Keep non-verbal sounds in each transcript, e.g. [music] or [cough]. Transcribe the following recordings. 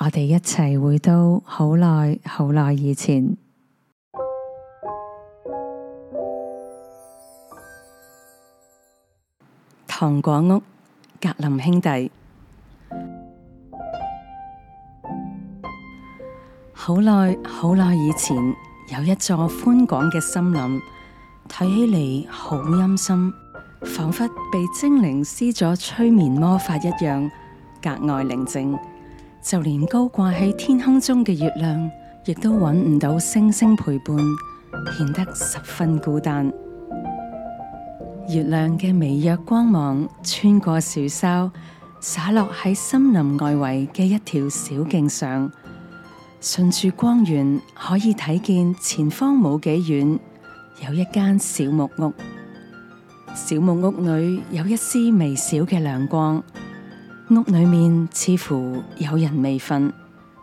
我哋一齊回到好耐好耐以前，糖果屋，格林兄弟。好耐好耐以前，有一座寬廣嘅森林，睇起嚟好陰森，仿佛被精靈施咗催眠魔法一樣，格外寧靜。就連高掛喺天空中嘅月亮，亦都揾唔到星星陪伴，顯得十分孤單。月亮嘅微弱光芒穿過樹梢，灑落喺森林外圍嘅一條小徑上。順住光源，可以睇見前方冇幾遠有一間小木屋。小木屋裏有一絲微小嘅亮光。屋裏面似乎有人未瞓，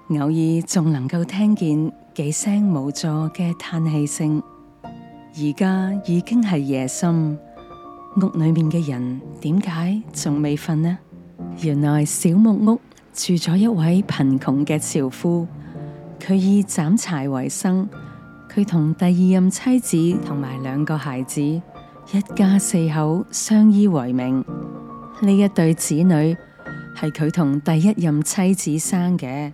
偶爾仲能夠聽見幾聲無助嘅嘆氣聲。而家已經係夜深，屋裏面嘅人點解仲未瞓呢？原來小木屋住咗一位貧窮嘅樵夫，佢以斬柴為生，佢同第二任妻子同埋兩個孩子，一家四口相依為命。呢一對子女，係佢同第一任妻子生嘅。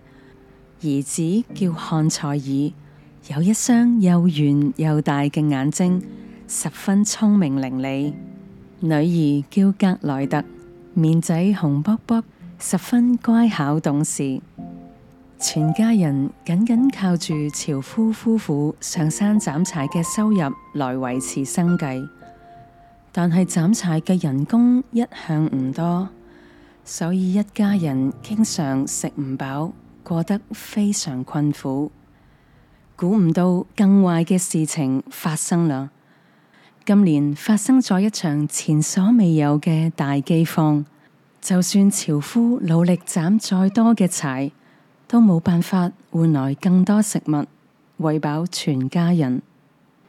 兒子叫漢賽爾，有一雙又圓又大嘅眼睛，十分聰明伶俐；女兒叫格萊特，面仔紅卜卜，十分乖巧懂事。全家人緊緊靠住樵夫夫婦上山斬柴嘅收入來維持生計，但係斬柴嘅人工一向唔多。所以一家人經常食唔飽，過得非常困苦。估唔到更壞嘅事情發生啦！今年發生咗一場前所未有嘅大饑荒，就算樵夫努力斬再多嘅柴，都冇辦法換來更多食物餵飽全家人。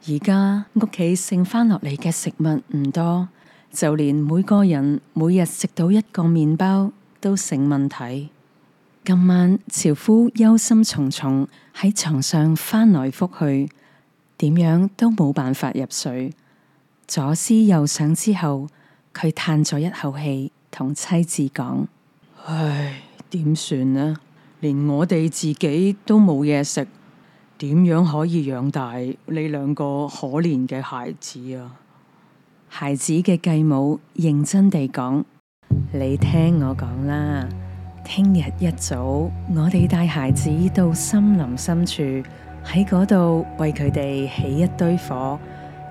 而家屋企剩返落嚟嘅食物唔多。就連每個人每日食到一個麵包都成問題。今晚樵夫憂心忡忡喺床上翻來覆去，點樣都冇辦法入睡。左思右想之後，佢嘆咗一口氣，同妻子講：唉，點算呢？連我哋自己都冇嘢食，點樣可以養大呢兩個可憐嘅孩子啊？孩子嘅繼母認真地講：你聽我講啦，聽日一早我哋帶孩子到森林深處，喺嗰度為佢哋起一堆火，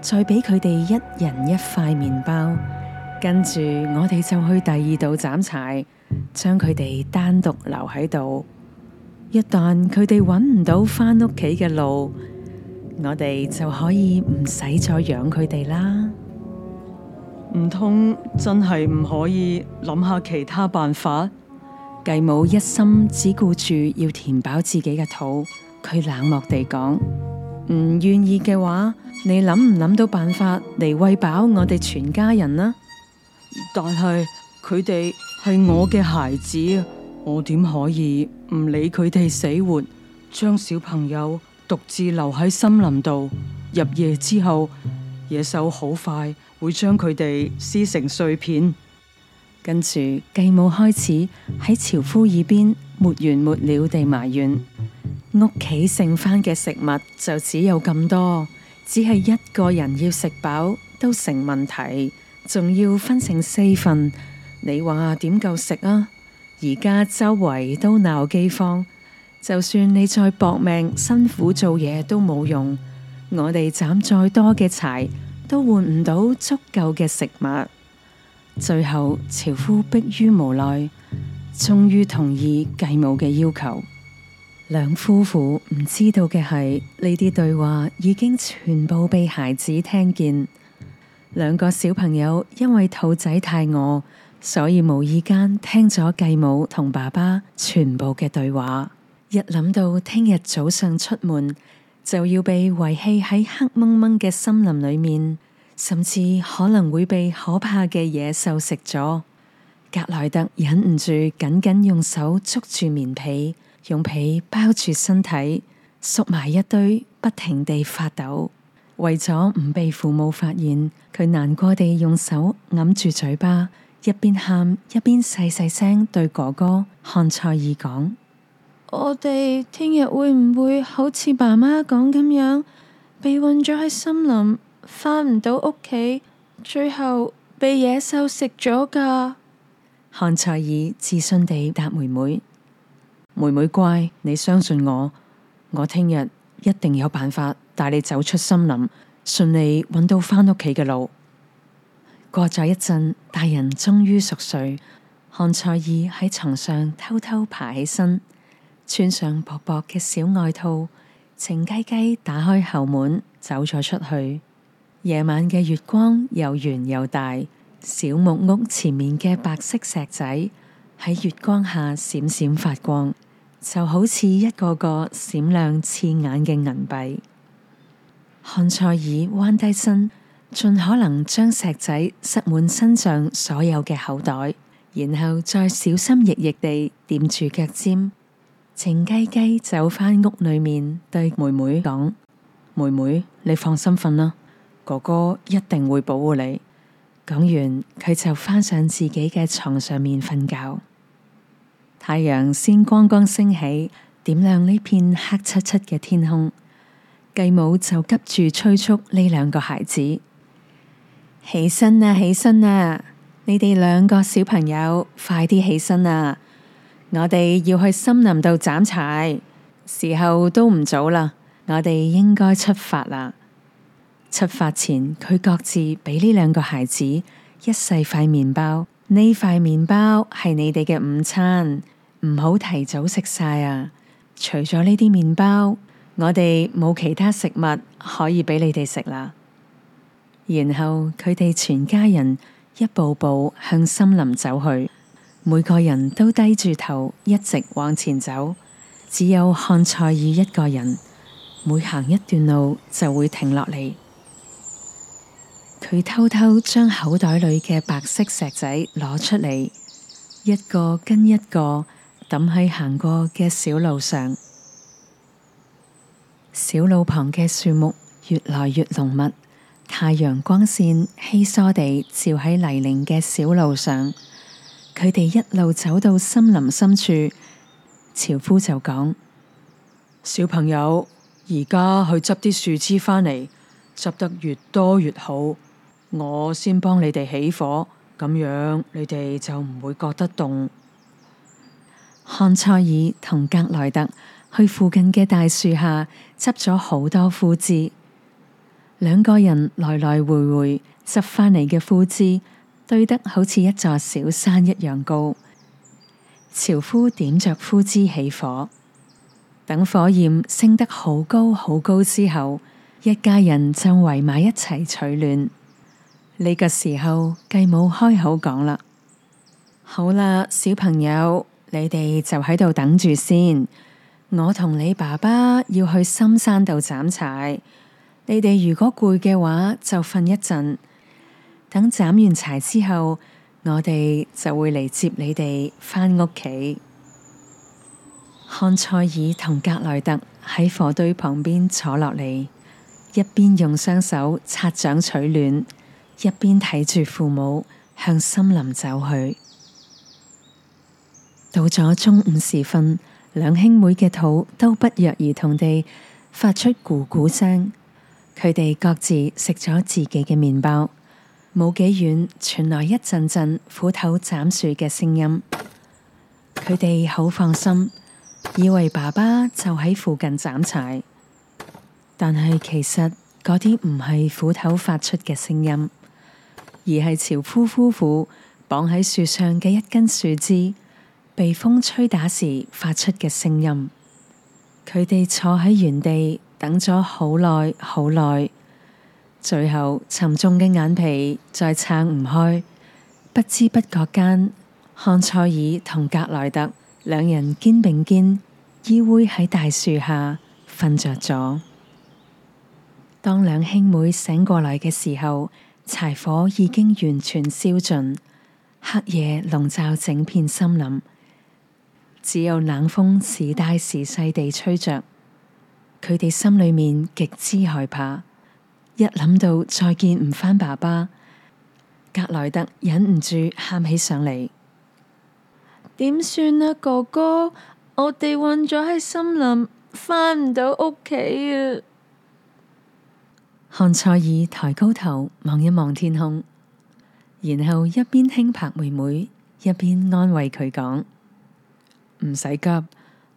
再俾佢哋一人一塊麵包，跟住我哋就去第二度斬柴，將佢哋單獨留喺度。一旦佢哋搵唔到返屋企嘅路，我哋就可以唔使再養佢哋啦。唔通真係唔可以諗下其他辦法？繼母一心只顧住要填飽自己嘅肚，佢冷漠地講：唔願意嘅話，你諗唔諗到辦法嚟喂飽我哋全家人呢？但係佢哋係我嘅孩子，我點可以唔理佢哋死活，將小朋友獨自留喺森林度，入夜之後。野獸好快會將佢哋撕成碎片。跟住繼母開始喺樵夫耳邊沒完沒了地埋怨：屋企剩翻嘅食物就只有咁多，只係一個人要食飽都成問題，仲要分成四份，你話點夠食啊？而家周圍都鬧饑荒，就算你再搏命辛苦做嘢都冇用。我哋斬再多嘅柴，都換唔到足夠嘅食物。最後，樵夫迫於無奈，終於同意繼母嘅要求。兩夫婦唔知道嘅係，呢啲對話已經全部被孩子聽見。兩個小朋友因為肚仔太餓，所以無意間聽咗繼母同爸爸全部嘅對話。一諗到聽日早上出門。就要被遺棄喺黑蒙蒙嘅森林裏面，甚至可能會被可怕嘅野獸食咗。格萊特忍唔住緊緊用手捉住棉被，用被包住身體，縮埋一堆，不停地發抖。為咗唔被父母發現，佢難過地用手揞住嘴巴，一邊喊一邊細細聲對哥哥漢塞爾講我哋聽日會唔會好似爸媽講咁樣，被困咗喺森林，翻唔到屋企，最後被野獸食咗㗎？漢塞爾自信地答妹妹：妹妹乖，你相信我，我聽日一定有辦法帶你走出森林，順利搵到翻屋企嘅路。過咗一陣，大人終於熟睡，漢塞爾喺床上偷偷爬起身。穿上薄薄嘅小外套，靜雞雞打開後門走咗出去。夜晚嘅月光又圓又大，小木屋前面嘅白色石仔喺月光下閃閃發光，就好似一個個閃亮刺眼嘅銀幣。漢塞爾彎低身，盡可能將石仔塞滿身上所有嘅口袋，然後再小心翼翼地掂住腳尖。靜雞雞走返屋裏面，對妹妹講：妹妹，你放心瞓啦，哥哥一定會保護你。講完，佢就返上自己嘅床上面瞓覺。太陽先剛剛升起，點亮呢片黑漆漆嘅天空。繼母就急住催促呢兩個孩子：起身啦、啊，起身啦、啊！你哋兩個小朋友，快啲起身啦、啊！我哋要去森林度斬柴，時候都唔早啦，我哋應該出發啦。出發前，佢各自俾呢兩個孩子一細塊麵包，呢塊麵包係你哋嘅午餐，唔好提早食晒啊！除咗呢啲麵包，我哋冇其他食物可以俾你哋食啦。然後佢哋全家人一步步向森林走去。每個人都低住頭，一直往前走。只有漢賽爾一個人，每行一段路就會停落嚟。佢偷偷將口袋裏嘅白色石仔攞出嚟，一個跟一個抌喺行過嘅小路上。小路旁嘅樹木越來越濃密，太陽光線稀疏地照喺泥濘嘅小路上。佢哋一路走到森林深處，樵夫就講：小朋友，而家去執啲樹枝返嚟，執得越多越好，我先幫你哋起火，咁樣你哋就唔會覺得凍。漢塞爾同格萊特去附近嘅大樹下執咗好多枯枝，兩個人來來回回執返嚟嘅枯枝。堆得好似一座小山一樣高，樵夫點着枯枝起火，等火焰升得好高好高之後，一家人就圍埋一齊取暖。呢個時候，繼母開口講啦：「好啦，小朋友，你哋就喺度等住先，我同你爸爸要去深山度斬柴，你哋如果攰嘅話，就瞓一陣。等斬完柴之後，我哋就會嚟接你哋返屋企。漢賽爾同格萊特喺火堆旁邊坐落嚟，一邊用雙手擦掌取暖，一邊睇住父母向森林走去。到咗中午時分，兩兄妹嘅肚都不約而同地發出咕咕聲。佢哋各自食咗自己嘅麵包。冇幾遠，傳來一陣陣斧頭斬樹嘅聲音。佢哋好放心，以為爸爸就喺附近斬柴，但係其實嗰啲唔係斧頭發出嘅聲音，而係樵夫夫婦綁喺樹上嘅一根樹枝被風吹打時發出嘅聲音。佢哋坐喺原地等咗好耐，好耐。最後，沉重嘅眼皮再撐唔開，不知不覺間，漢塞爾同格萊特兩人肩並肩依偎喺大樹下瞓着咗。當兩兄妹醒過來嘅時候，柴火已經完全燒盡，黑夜籠罩整片森林，只有冷風時大時細地吹着。佢哋心裏面極之害怕。一諗到再見唔翻爸爸，格萊特忍唔住喊起上嚟。點算啊哥哥？我哋困咗喺森林，翻唔到屋企啊！漢塞爾抬高頭望一望天空，然後一邊輕拍妹妹，一邊安慰佢講：唔使 [laughs] 急，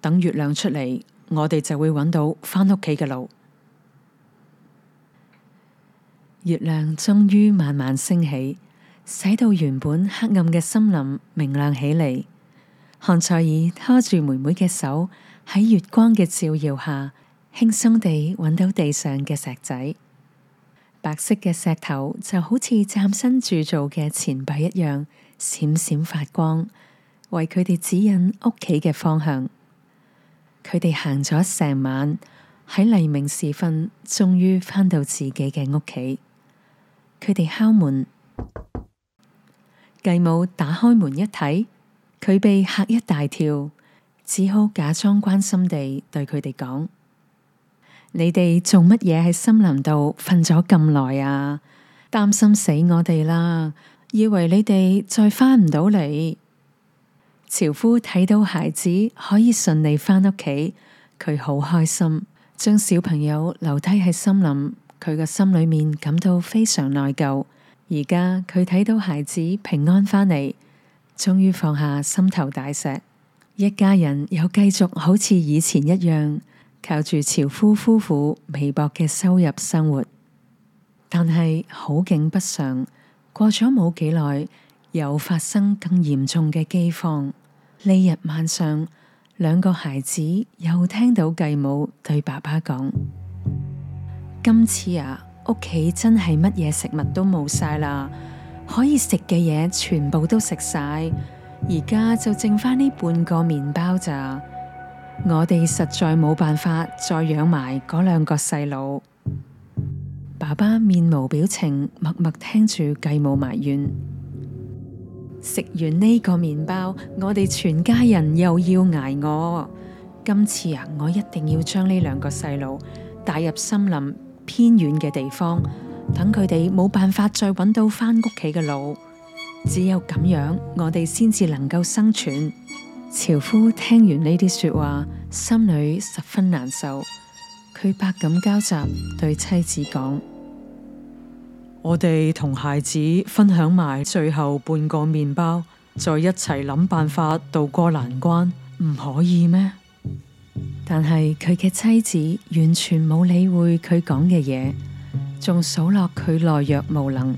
等月亮出嚟，我哋就會揾到翻屋企嘅路。月亮終於慢慢升起，使到原本黑暗嘅森林明亮起嚟。漢塞爾拖住妹妹嘅手，喺月光嘅照耀下，輕鬆地揾到地上嘅石仔。白色嘅石頭就好似嶄新鑄造嘅錢幣一樣，閃閃發光，為佢哋指引屋企嘅方向。佢哋行咗成晚，喺黎明時分，終於返到自己嘅屋企。佢哋敲門，繼母打開門一睇，佢被嚇一大跳，只好假裝關心地對佢哋講：「你哋做乜嘢喺森林度瞓咗咁耐啊？擔心死我哋啦，以為你哋再返唔到嚟。」樵夫睇到孩子可以順利返屋企，佢好開心，將小朋友留低喺森林。佢個心裏面感到非常內疚，而家佢睇到孩子平安返嚟，終於放下心頭大石，一家人又繼續好似以前一樣靠住樵夫夫婦微薄嘅收入生活。但係好景不常，過咗冇幾耐，又發生更嚴重嘅飢荒。呢日晚上，兩個孩子又聽到繼母對爸爸講。今次啊，屋企真係乜嘢食物都冇晒啦，可以食嘅嘢全部都食晒，而家就剩翻呢半個麵包咋。我哋實在冇辦法再養埋嗰兩個細佬。爸爸面無表情，默默聽住繼母埋怨：食完呢個麵包，我哋全家人又要挨餓。今次啊，我一定要將呢兩個細佬帶入森林。偏遠嘅地方，等佢哋冇辦法再揾到返屋企嘅路，只有咁樣，我哋先至能夠生存。樵夫聽完呢啲說話，心裏十分難受，佢百感交集，對妻子講：「我哋同孩子分享埋最後半個麵包，再一齊諗辦法渡過難關，唔可以咩？」但係佢嘅妻子完全冇理會佢講嘅嘢，仲數落佢懦弱無能。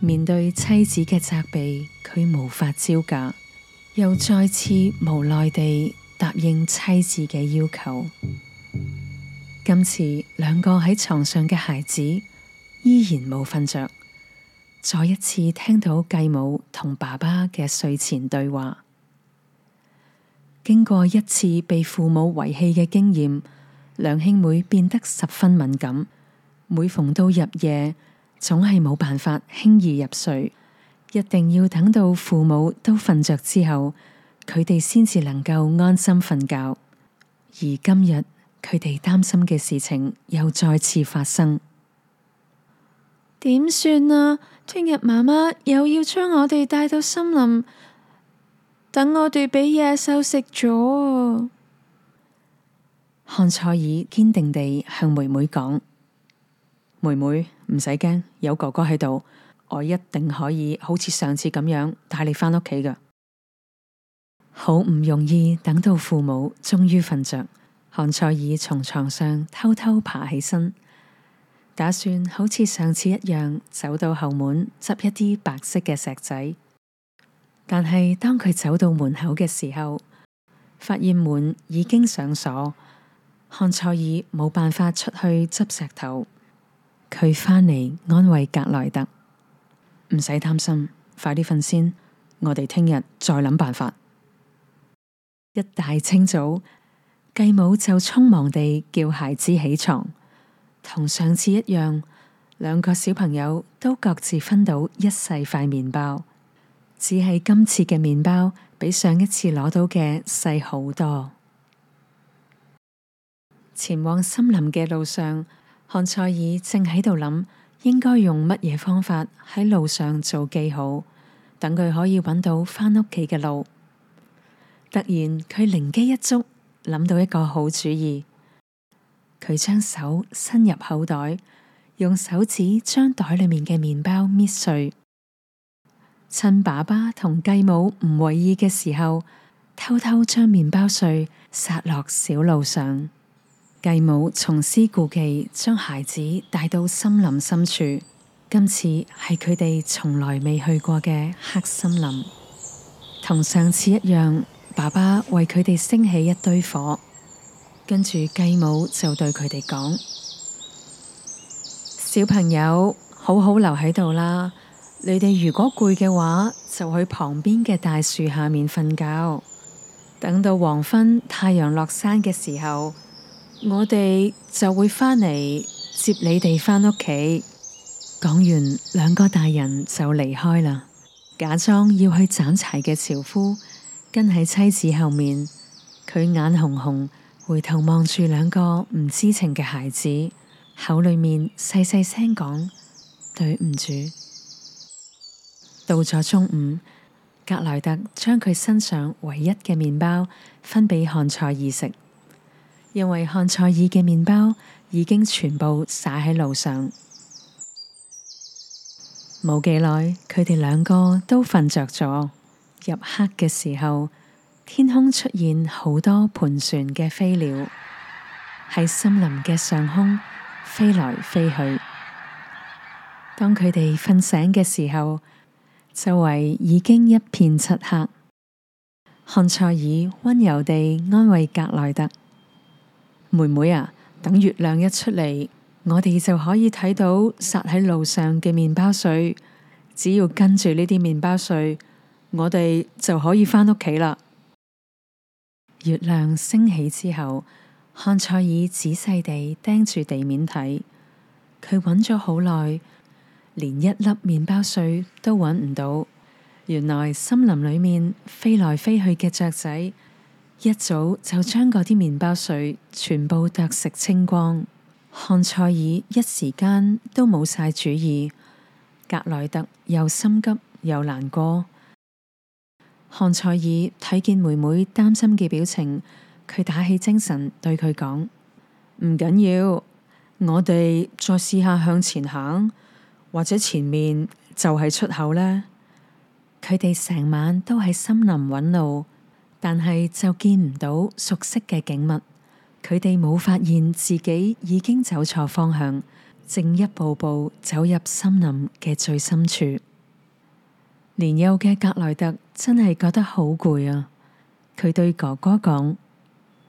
面對妻子嘅責備，佢無法招架，又再次無奈地答應妻子嘅要求。今次兩個喺床上嘅孩子依然冇瞓着，再一次聽到繼母同爸爸嘅睡前對話。經過一次被父母遺棄嘅經驗，兩兄妹變得十分敏感。每逢到入夜，總係冇辦法輕易入睡，一定要等到父母都瞓着之後，佢哋先至能夠安心瞓覺。而今日佢哋擔心嘅事情又再次發生，點算啊？聽日媽媽又要將我哋帶到森林。.等我哋畀野獸食咗。漢塞爾堅定地向妹妹講：妹妹，唔使驚，有哥哥喺度，我一定可以好似上次咁樣帶你返屋企噶。好唔容易等到父母終於瞓着，漢塞爾從床上偷偷爬起身，打算好似上次一樣走到後門執一啲白色嘅石仔。但係，當佢走到門口嘅時候，發現門已經上鎖，漢賽爾冇辦法出去執石頭。佢返嚟安慰格萊特：唔使擔心，快啲瞓先，我哋聽日再諗辦法。一大清早，繼母就匆忙地叫孩子起床，同上次一樣，兩個小朋友都各自分到一細塊麵包。只係今次嘅麵包比上一次攞到嘅細好多。前往森林嘅路上，漢賽爾正喺度諗應該用乜嘢方法喺路上做記號，等佢可以揾到返屋企嘅路。突然，佢靈機一觸，諗到一個好主意。佢將手伸入口袋，用手指將袋裏面嘅麵包搣碎。趁爸爸同繼母唔為意嘅時候，偷偷將麵包碎撒落小路上。繼母重施故技，將孩子帶到森林深處。今次係佢哋從來未去過嘅黑森林。同上次一樣，爸爸為佢哋升起一堆火，跟住繼母就對佢哋講：小朋友，好好留喺度啦。你哋如果攰嘅話，就去旁邊嘅大樹下面瞓覺。等到黃昏太陽落山嘅時候，我哋就會返嚟接你哋返屋企。講完，兩個大人就離開啦。假裝要去斬柴嘅樵夫跟喺妻子後面，佢眼紅紅，回頭望住兩個唔知情嘅孩子，口裏面細細聲講：對唔住。到咗中午，格萊特將佢身上唯一嘅麵包分畀漢賽爾食，因為漢賽爾嘅麵包已經全部灑喺路上。冇幾耐，佢哋兩個都瞓着咗。入黑嘅時候，天空出現好多盤旋嘅飛鳥，喺森林嘅上空飛來飛去。當佢哋瞓醒嘅時候，周圍已經一片漆黑，漢塞爾温柔地安慰格萊特：妹妹啊，等月亮一出嚟，我哋就可以睇到撒喺路上嘅麵包碎。只要跟住呢啲麵包碎，我哋就可以返屋企啦。月亮升起之後，漢塞爾仔細地盯住地面睇，佢揾咗好耐。連一粒麵包碎都揾唔到，原來森林裏面飛來飛去嘅雀仔一早就將嗰啲麵包碎全部啄食清光。漢塞爾一時間都冇晒主意，格萊特又心急又難過。漢塞爾睇見妹妹擔心嘅表情，佢打起精神對佢講：唔緊要，我哋再試下向前行。或者前面就係出口啦，佢哋成晚都喺森林揾路，但係就見唔到熟悉嘅景物。佢哋冇發現自己已經走錯方向，正一步步走入森林嘅最深處。年幼嘅格萊特真係覺得好攰啊，佢對哥哥講：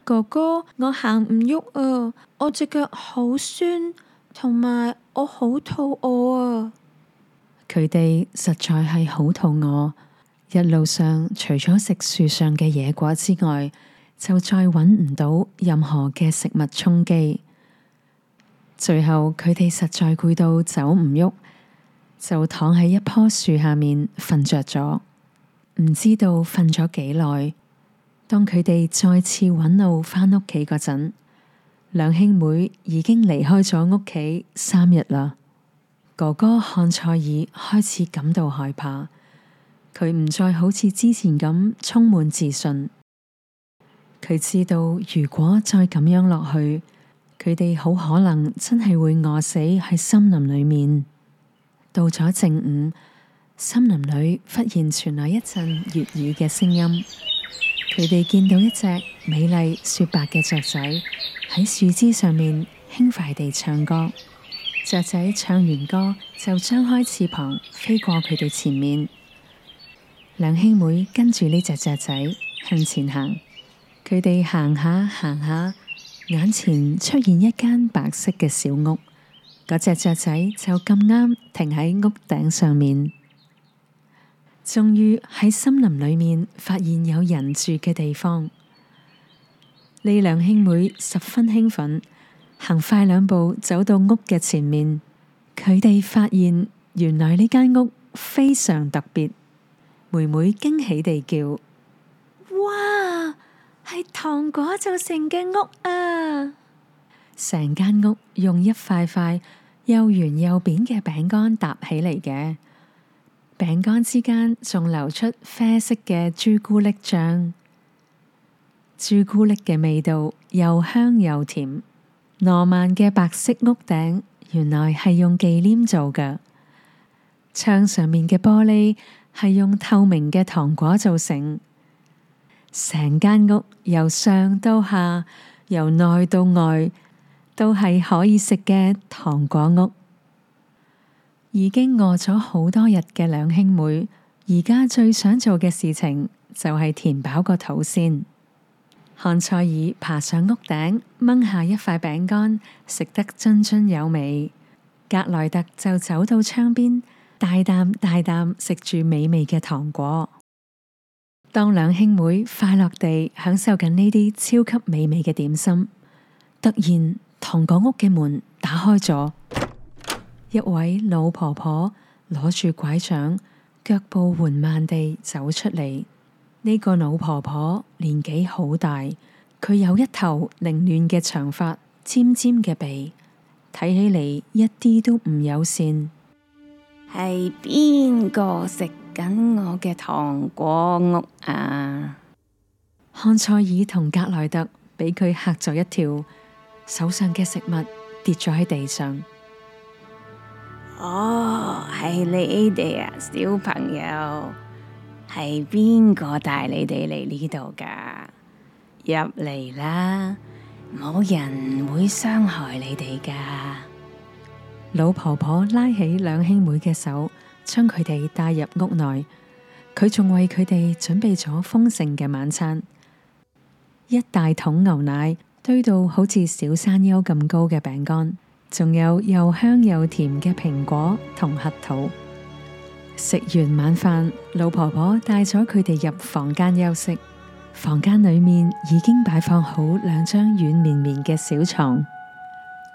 哥哥，我行唔喐啊，我隻腳好酸。同埋我好肚餓啊！佢哋實在係好肚餓，一路上除咗食樹上嘅野果之外，就再搵唔到任何嘅食物充飢。最後佢哋實在攰到走唔喐，就躺喺一棵樹下面瞓着咗，唔知道瞓咗幾耐。當佢哋再次搵路返屋企嗰陣。兩兄妹已經離開咗屋企三日啦，哥哥漢塞爾開始感到害怕，佢唔再好似之前咁充滿自信。佢知道如果再咁樣落去，佢哋好可能真係會餓死喺森林裏面。到咗正午，森林裏忽然傳來一陣悅耳嘅聲音。佢哋見到一隻美麗雪白嘅雀仔喺樹枝上面輕快地唱歌。雀仔唱完歌就張開翅膀飛過佢哋前面。兩兄妹跟住呢隻雀仔向前行。佢哋行下行下，眼前出現一間白色嘅小屋。嗰隻雀仔就咁啱停喺屋頂上面。終於喺森林裏面發現有人住嘅地方，呢兩兄妹十分興奮，行快兩步走到屋嘅前面。佢哋發現原來呢間屋非常特別，妹妹驚喜地叫：哇，係糖果做成嘅屋啊！成間屋用一塊塊又圓又扁嘅餅乾搭起嚟嘅。餅乾之間仲流出啡色嘅朱古力醬，朱古力嘅味道又香又甜。浪漫嘅白色屋頂，原來係用忌廉做嘅。窗上面嘅玻璃係用透明嘅糖果做成，成間屋由上到下，由內到外，都係可以食嘅糖果屋。已經餓咗好多日嘅兩兄妹，而家最想做嘅事情就係填飽個肚先。漢塞爾爬上屋頂，掹下一塊餅乾，食得津津有味。格萊特就走到窗邊，大啖大啖食住美味嘅糖果。當兩兄妹快樂地享受緊呢啲超級美味嘅點心，突然糖果屋嘅門打開咗。一位老婆婆攞住拐杖，腳步緩慢地走出嚟。呢、這個老婆婆年紀好大，佢有一頭凌亂嘅長髮，尖尖嘅鼻，睇起嚟一啲都唔友善。係邊個食緊我嘅糖果屋啊？漢塞爾同格萊特俾佢吓咗一跳，手上嘅食物跌咗喺地上。哦，係你哋啊，小朋友，係邊個帶你哋嚟呢度噶？入嚟啦，冇人會傷害你哋噶。老婆婆拉起兩兄妹嘅手，將佢哋帶入屋內。佢仲為佢哋準備咗豐盛嘅晚餐，一大桶牛奶，堆到好似小山丘咁高嘅餅乾。仲有又香又甜嘅蘋果同核桃。食完晚飯，老婆婆帶咗佢哋入房間休息。房間裏面已經擺放好兩張軟綿綿嘅小床。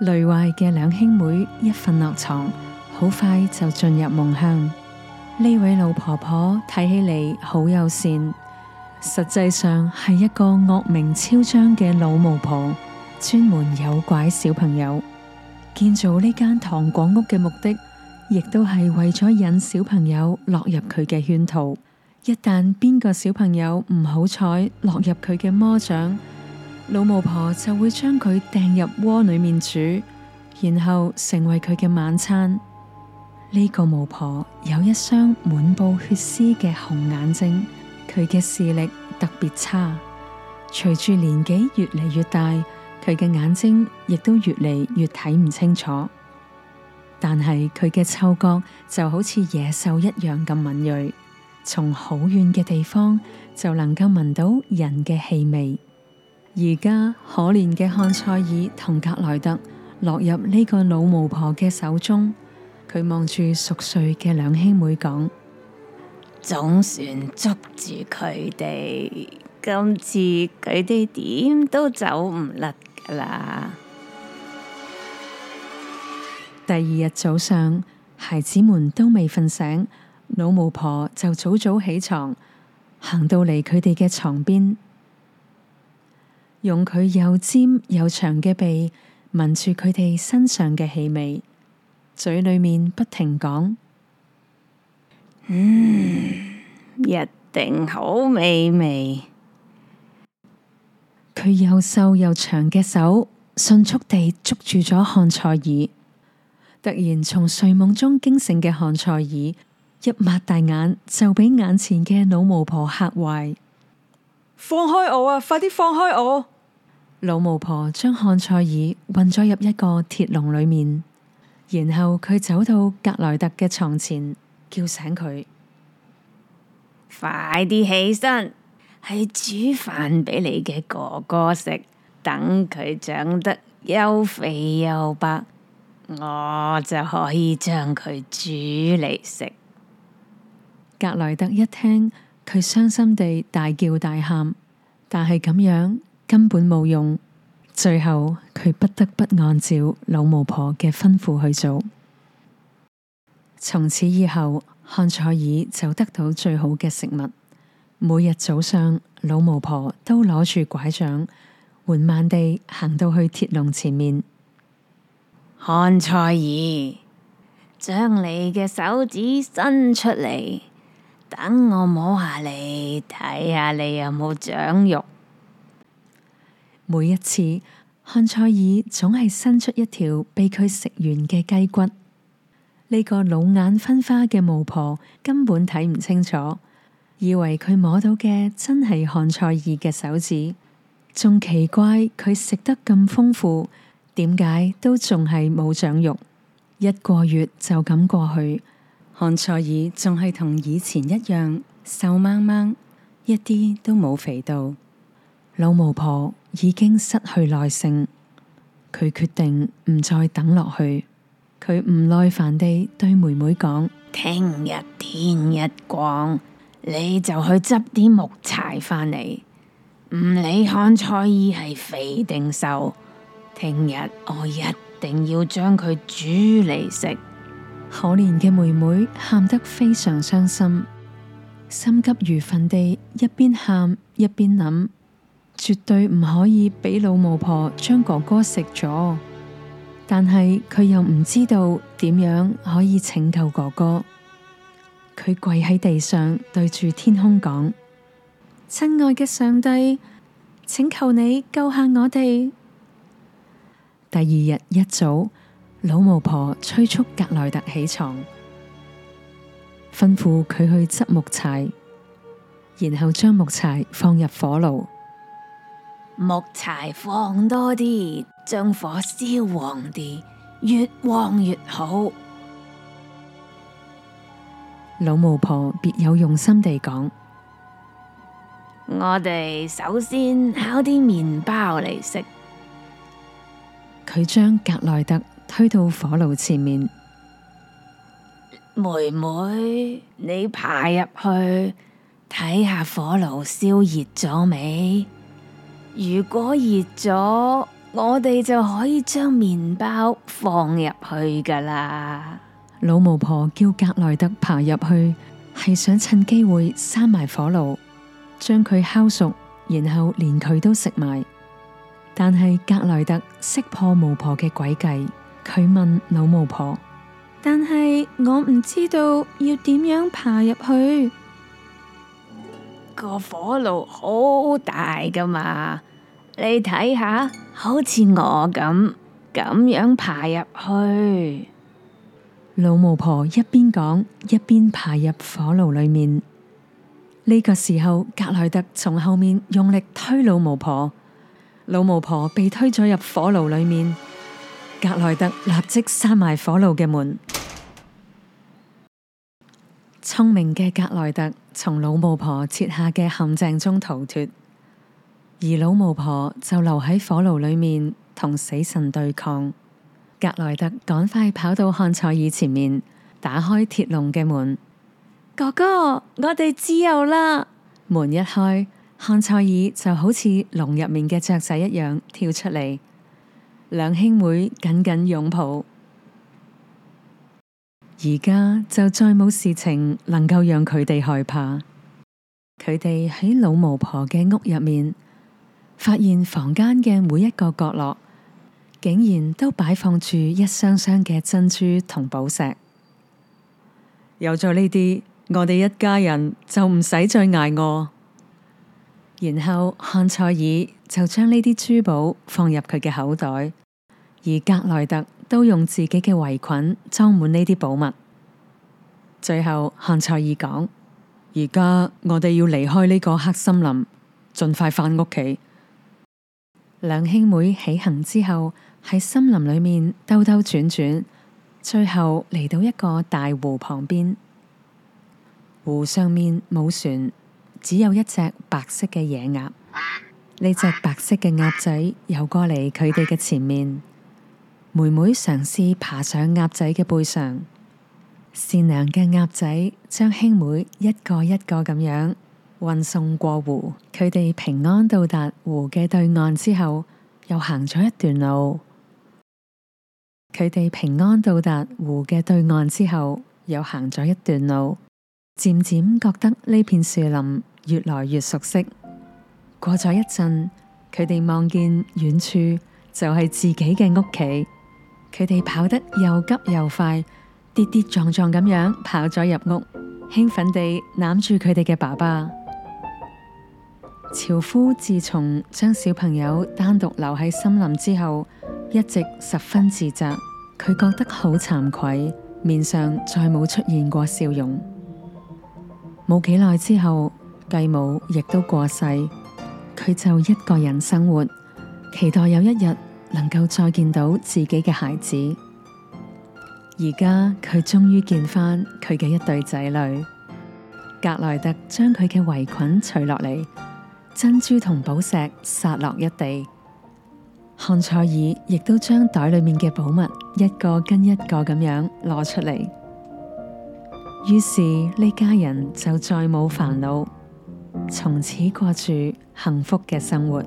累壞嘅兩兄妹一瞓落床，好快就進入夢鄉。呢位老婆婆睇起嚟，好友善，實際上係一個惡名昭彰嘅老巫婆，專門誘拐小朋友。建造呢間糖果屋嘅目的，亦都係為咗引小朋友落入佢嘅圈套。一旦邊個小朋友唔好彩落入佢嘅魔掌，老巫婆就會將佢掟入鍋裏面煮，然後成為佢嘅晚餐。呢個巫婆有一雙滿布血絲嘅紅眼睛，佢嘅視力特別差。隨住年紀越嚟越大，佢嘅眼睛亦都越嚟越睇唔清楚，但係佢嘅嗅覺就好似野獸一樣咁敏銳，從好遠嘅地方就能夠聞到人嘅氣味。而家可憐嘅漢塞爾同格萊特落入呢個老巫婆嘅手中，佢望住熟睡嘅兩兄妹講：總算捉住佢哋，今次佢哋點都走唔甩。第二日早上，孩子們都未瞓醒，老巫婆就早早起床，行到嚟佢哋嘅床邊，用佢又尖又長嘅鼻聞住佢哋身上嘅氣味，嘴裏面不停講：嗯，一定好美味。佢又瘦又長嘅手迅速地捉住咗漢塞爾，突然從睡夢中驚醒嘅漢塞爾一擘大眼就俾眼前嘅老巫婆嚇壞，放開我啊！快啲放開我！老巫婆將漢塞爾困咗入一個鐵籠裏面，然後佢走到格萊特嘅床前叫醒佢，快啲起身。係煮飯畀你嘅哥哥食，等佢長得又肥又白，我就可以將佢煮嚟食。格萊特一聽，佢傷心地大叫大喊，但係咁樣根本冇用。最後，佢不得不按照老巫婆嘅吩咐去做。從此以後，漢塞爾就得到最好嘅食物。每日早上，老巫婆都攞住拐杖，緩慢地行到去鐵籠前面。漢塞爾，將你嘅手指伸出嚟，等我摸下你，睇下你有冇長肉。每一次，漢塞爾總係伸出一條被佢食完嘅雞骨。呢個老眼昏花嘅巫婆根本睇唔清楚。以為佢摸到嘅真係漢賽爾嘅手指，仲奇怪佢食得咁豐富，點解都仲係冇長肉？一個月就咁過去，漢賽爾仲係同以前一樣瘦掹掹，一啲都冇肥到。老巫婆已經失去耐性，佢決定唔再等落去。佢唔耐煩地對妹妹講：聽日天一光。你就去執啲木柴返嚟，唔理漢賽爾係肥定瘦，聽日我一定要將佢煮嚟食。可憐嘅妹妹喊得非常傷心，心急如焚地一邊喊一邊諗，絕對唔可以俾老巫婆將哥哥食咗。但係佢又唔知道點樣可以拯救哥哥。佢跪喺地上，對住天空講：親愛嘅上帝，請求你救下我哋。第二日一早，老巫婆催促格萊特起床，吩咐佢去執木柴，然後將木柴放入火爐。木柴放多啲，將火燒旺啲，越旺越好。老巫婆別有用心地講：「我哋首先烤啲麵包嚟食。」佢將格萊特推到火爐前面。妹妹，你爬入去睇下火爐燒熱咗未？如果熱咗，我哋就可以將麵包放入去噶啦。老巫婆叫格萊特爬入去，係想趁機會閂埋火爐，將佢烤熟，然後連佢都食埋。但係格萊特識破巫婆嘅詭計，佢問老巫婆：「但係我唔知道要點樣爬入去。個火爐好大㗎嘛？你睇下，好似我咁咁樣樣爬入去。老巫婆一邊講一邊爬入火爐裏面。呢個時候，格萊特從後面用力推老巫婆，老巫婆被推咗入火爐裏面。格萊特立即閂埋火爐嘅門。聰明嘅格萊特從老巫婆設下嘅陷阱中逃脱，而老巫婆就留喺火爐裏面同死神對抗。格萊特趕快跑到漢賽爾前面，打開鐵籠嘅門。哥哥，我哋自由啦！門一開，漢賽爾就好似籠入面嘅雀仔一樣跳出嚟。兩兄妹緊緊擁抱。而家就再冇事情能夠讓佢哋害怕。佢哋喺老巫婆嘅屋入面，發現房間嘅每一個角落。竟然都擺放住一箱箱嘅珍珠同寶石，有咗呢啲，我哋一家人就唔使再挨餓。然後漢賽爾就將呢啲珠寶放入佢嘅口袋，而格萊特都用自己嘅圍裙裝滿呢啲寶物。最後漢賽爾講：而家我哋要離開呢個黑森林，盡快返屋企。兩兄妹起行之後，喺森林裏面兜兜轉轉，最後嚟到一個大湖旁邊。湖上面冇船，只有一隻白色嘅野鴨。呢隻 [laughs] 白色嘅鴨仔游過嚟佢哋嘅前面，妹妹嘗試爬上鴨仔嘅背上。善良嘅鴨仔將兄妹一個一個咁樣運送過湖。佢哋平安到達湖嘅對岸之後，又行咗一段路。佢哋平安到達湖嘅對岸之後，又行咗一段路，漸漸覺得呢片樹林越來越熟悉。過咗一陣，佢哋望見遠處就係自己嘅屋企。佢哋跑得又急又快，跌跌撞撞咁樣跑咗入屋，興奮地攬住佢哋嘅爸爸。樵夫自從將小朋友單獨留喺森林之後，一直十分自責，佢覺得好慚愧，面上再冇出現過笑容。冇幾耐之後，繼母亦都過世，佢就一個人生活，期待有一日能夠再見到自己嘅孩子。而家佢終於見返佢嘅一對仔女。格萊特將佢嘅圍裙除落嚟，珍珠同寶石撒落一地。漢賽爾亦都將袋裏面嘅寶物一個跟一個咁樣攞出嚟，於是呢家人就再冇煩惱，從此過住幸福嘅生活。